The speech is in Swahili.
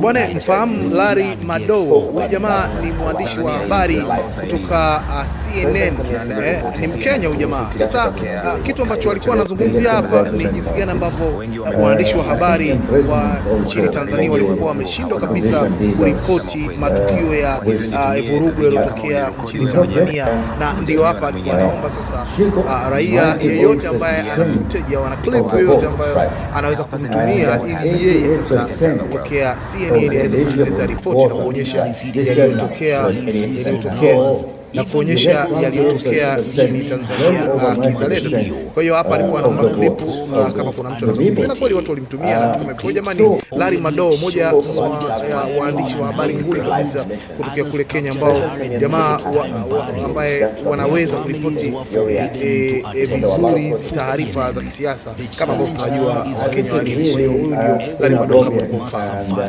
Bwana mfahamu Larry Madowo, huyu jamaa ni mwandishi wa habari kutoka uh, CNN eh, ni Mkenya huyu jamaa. Sasa uh, kitu ambacho alikuwa anazungumzia hapa ni jinsi gani ambavyo uh, waandishi wa habari wa nchini Tanzania walikuwa wameshindwa kabisa kuripoti matukio ya uh, vurugu yaliyotokea nchini Tanzania, na ndio hapa alikuwa anaomba sasa uh, raia yeyote ambaye ana footage clip yoyote ambayo anaweza kumtumia ili yeye sasa uh, kutokea na CNN inaweza kusikiliza ripoti na kuonyesha yaliyotokea na kuonyesha yaliyotokea nchini Tanzania kizalendo. Kwa hiyo hapa alikuwa anaomba uh, klipu kama kuna mtu anazungumza, na kweli watu walimtumia uh, kwa jamani, Larry Madowo, mmoja wa waandishi wa habari nguli kabisa kutokea kule Kenya, ambao jamaa ambaye wanaweza kuripoti eh, eh, vizuri taarifa za kisiasa kama ambavyo tunajua Wakenya waliishi. Huyu ndio Larry Madowo.